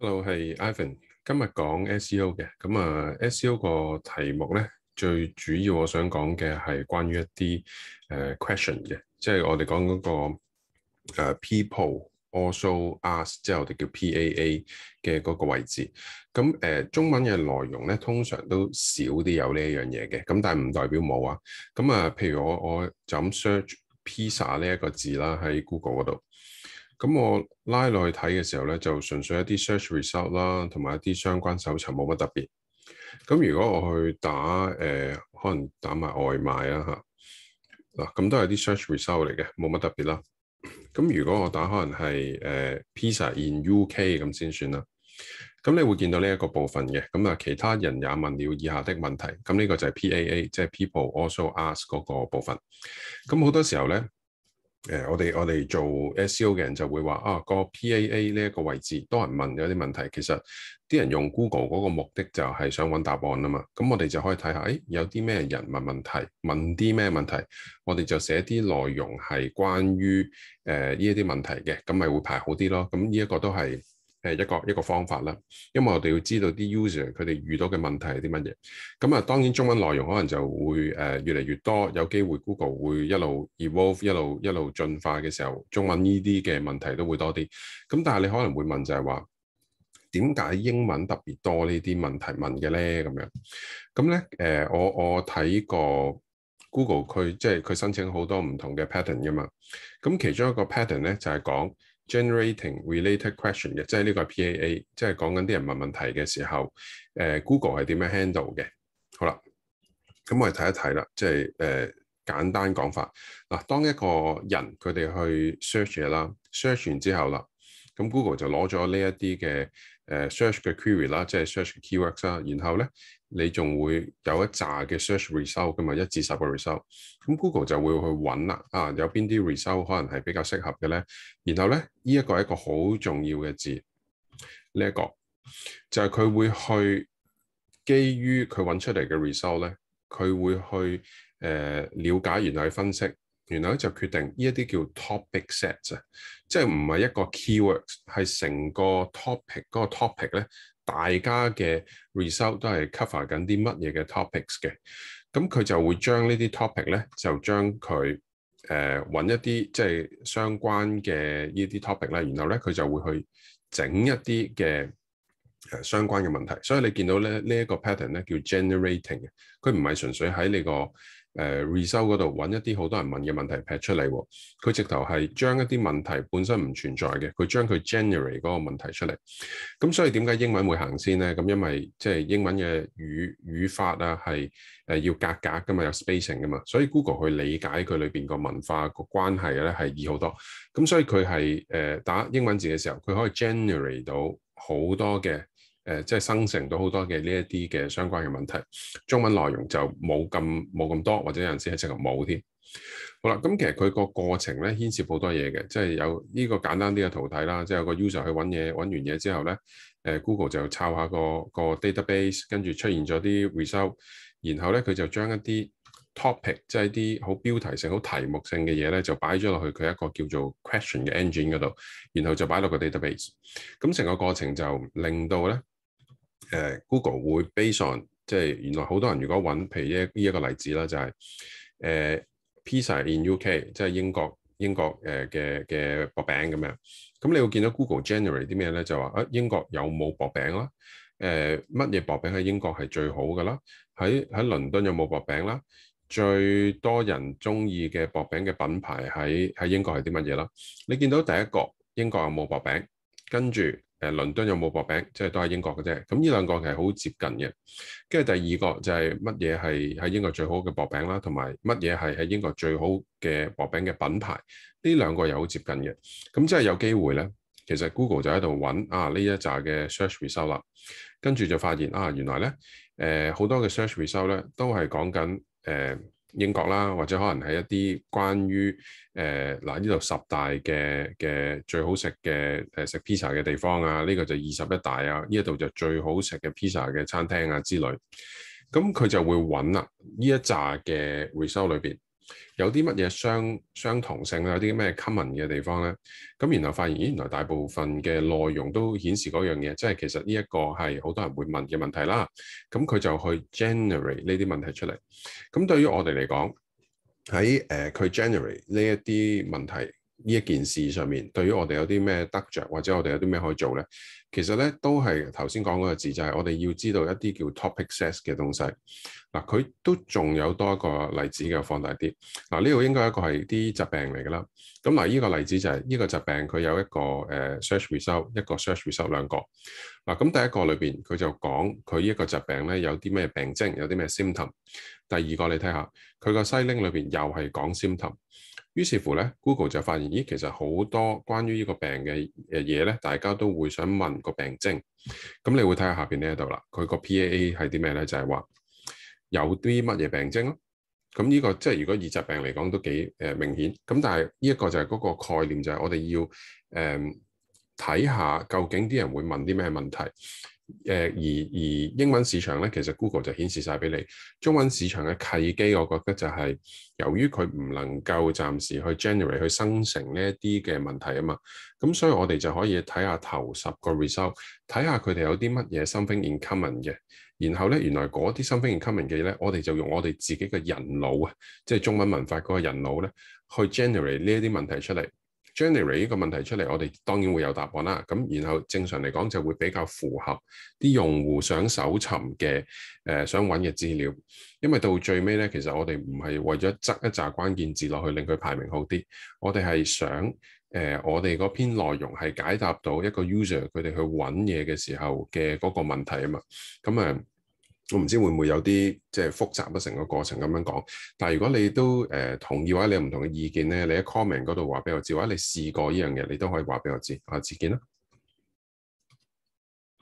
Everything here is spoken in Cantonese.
Hello，係 Ivan，今日講 SEO 嘅，咁啊，SEO 個題目咧，最主要我想講嘅係關於一啲誒、uh, question 嘅，即係我哋講嗰、那個誒、uh, people also ask，即係我哋叫 PAA 嘅嗰個位置。咁誒、uh, 中文嘅內容咧，通常都少啲有呢一樣嘢嘅，咁但係唔代表冇啊。咁啊，譬如我我就咁 search pizza 呢一個字啦，喺 Google 嗰度。咁我拉落去睇嘅時候咧，就純粹一啲 search result 啦，同埋一啲相關搜尋冇乜特別。咁如果我去打誒、呃，可能打埋外賣啦吓，嗱咁都係啲 search result 嚟嘅，冇乜特別啦。咁如果我打可能係誒、呃、pizza in UK 咁先算啦。咁你會見到呢一個部分嘅，咁啊其他人也問了以下的問題。咁呢個就係 PAA，即係 People Also Ask 嗰個部分。咁好多時候咧，誒，我哋我哋做 SEO 嘅人就會話啊，個 PAA 呢一個位置多人問有啲問題，其實啲人用 Google 嗰個目的就係想揾答案啊嘛，咁我哋就可以睇下，誒，有啲咩人問問題，問啲咩問題，我哋就寫啲內容係關於誒，呢一啲問題嘅，咁咪會排好啲咯，咁呢一個都係。誒一個一個方法啦，因為我哋要知道啲 user 佢哋遇到嘅問題係啲乜嘢。咁啊，當然中文內容可能就會誒、呃、越嚟越多，有機會 Google 會一路 evolve 一路一路進化嘅時候，中文呢啲嘅問題都會多啲。咁但係你可能會問就係話，點解英文特別多呢啲問題問嘅咧？咁樣咁咧誒，我我睇過 Google 佢即係佢申請好多唔同嘅 pattern 噶嘛。咁其中一個 pattern 咧就係、是、講。Generating related question 嘅，即係呢個係 PAA，即係講緊啲人問問題嘅時候，誒、呃、Google 係點樣 handle 嘅？好啦，咁我哋睇一睇啦，即係誒、呃、簡單講法。嗱，當一個人佢哋去 search 嘢啦，search 完之後啦。咁 Google 就攞咗呢一啲嘅誒 search 嘅 query 啦，即係 search 嘅 keywords 啦，然後咧你仲會有一紮嘅 search result 噶嘛，一至十個 result。咁 Google 就會去揾啦，啊有邊啲 result 可能係比較適合嘅咧？然後咧呢一個係一個好重要嘅字，呢一個就係佢會去基於佢揾出嚟嘅 result 咧，佢會去誒瞭解、然後去分析。然後咧就決定呢一啲叫 topic set 啊，即係唔係一個 keywords，係成個 topic 嗰個 topic 咧，大家嘅 result 都係 cover 緊啲乜嘢嘅 topics 嘅。咁佢就會將呢啲 topic 咧，就將佢誒揾一啲即係相關嘅呢啲 topic 咧。然後咧佢就會去整一啲嘅誒相關嘅問題。所以你見到咧呢一個 pattern 咧叫 generating，佢唔係純粹喺你個。誒回收嗰度揾一啲好多人問嘅問題劈出嚟，佢直頭係將一啲問題本身唔存在嘅，佢將佢 generate 嗰個問題出嚟。咁所以點解英文會行先咧？咁因為即係、就是、英文嘅語語法啊，係誒要格格㗎嘛，有 spacing 㗎嘛，所以 Google 去理解佢裏邊個文化個關係咧係易好多。咁所以佢係誒打英文字嘅時候，佢可以 generate 到好多嘅。誒、呃，即係生成到好多嘅呢一啲嘅相關嘅問題。中文內容就冇咁冇咁多，或者有陣時係直頭冇添。好啦，咁、嗯、其實佢個過程咧牽涉好多嘢嘅，即係有呢個簡單啲嘅圖睇啦，即係有個 user 去揾嘢，揾完嘢之後咧，誒、呃、Google 就抄下、個個 database，跟住出現咗啲 result，然後咧佢就將一啲 topic，即係一啲好標題性、好題目性嘅嘢咧，就擺咗落去佢一個叫做 question 嘅 engine 度，然後就擺落個 database。咁、嗯、成個過程就令到咧。誒 Google 會 based on，即係原來好多人如果揾，譬如呢呢一個例子啦，就係、是、誒、呃、pizza in UK，即係英國英國誒嘅嘅薄餅咁樣。咁你會見到 Google generate 啲咩咧？就話啊英國有冇薄餅啦？誒乜嘢薄餅喺英國係最好㗎啦？喺喺倫敦有冇薄餅啦？最多人中意嘅薄餅嘅品牌喺喺英國係啲乜嘢啦？你見到第一個英國有冇薄餅？跟住。誒倫敦有冇薄餅？即係都係英國嘅啫。咁呢兩個其實好接近嘅。跟住第二個就係乜嘢係喺英國最好嘅薄餅啦，同埋乜嘢係喺英國最好嘅薄餅嘅品牌？呢兩個又好接近嘅。咁即係有機會咧，其實 Google 就喺度揾啊呢一紮嘅 search result 啦，跟住就發現啊原來咧誒好多嘅 search result 咧都係講緊誒。呃英國啦，或者可能係一啲關於誒嗱呢度十大嘅嘅最好食嘅誒食 pizza 嘅地方啊，呢個就二十一大啊，呢一度就最好食嘅 pizza 嘅餐廳啊之類，咁佢就會揾啦呢一紮嘅回收裏邊。有啲乜嘢相相同性咧？有啲咩 common 嘅地方咧？咁然後發現，咦，原來大部分嘅內容都顯示嗰樣嘢，即係其實呢一個係好多人會問嘅問題啦。咁佢就去 generate 呢啲問題出嚟。咁對於我哋嚟講，喺誒佢、呃、generate 呢一啲問題呢一件事上面，對於我哋有啲咩得着，或者我哋有啲咩可以做咧？其實咧都係頭先講嗰個字，就係我哋要知道一啲叫 topic size 嘅東西。嗱，佢都仲有多一個例子嘅，放大啲。嗱，呢度應該一個係啲疾病嚟嘅啦。咁嗱，呢個例子就係呢個疾病佢有一個誒 search result 一個 search result 兩個。嗱，咁第一個裏邊佢就講佢呢一個疾病咧有啲咩病徵，有啲咩 symptom。第二個你睇下，佢個西鈴裏邊又係講 symptom。於是乎咧，Google 就發現，咦，其實好多關於呢個病嘅嘢咧，大家都會想問個病徵。咁你會睇下下邊呢一度啦，佢個 PAA 係啲咩咧？就係話有啲乜嘢病徵咯。咁呢個即係如果以疾病嚟講都幾誒明顯。咁但係呢一個就係嗰個概念，就係我哋要誒睇下究竟啲人會問啲咩問題。誒而而英文市場咧，其實 Google 就顯示晒俾你。中文市場嘅契機，我覺得就係由於佢唔能夠暫時去 generate 去生成呢一啲嘅問題啊嘛。咁所以我哋就可以睇下頭十個 result，睇下佢哋有啲乜嘢 something in common 嘅。然後咧，原來嗰啲 something in common 嘅嘢咧，我哋就用我哋自己嘅人腦啊，即係中文文化嗰個人腦咧，去 generate 呢一啲問題出嚟。generate 呢個問題出嚟，我哋當然會有答案啦。咁然後正常嚟講，就會比較符合啲用戶想搜尋嘅誒想揾嘅資料。因為到最尾咧，其實我哋唔係為咗執一紮關鍵字落去令佢排名好啲，我哋係想誒、呃、我哋嗰篇內容係解答到一個 user 佢哋去揾嘢嘅時候嘅嗰個問題啊嘛。咁、嗯、啊～我唔知會唔會有啲即係複雜啊，成個過程咁樣講。但係如果你都誒、呃、同意或者你有唔同嘅意見咧，你喺 comment 嗰度話俾我知，或者你試過呢樣嘢，你都可以話俾我知。下次見啦。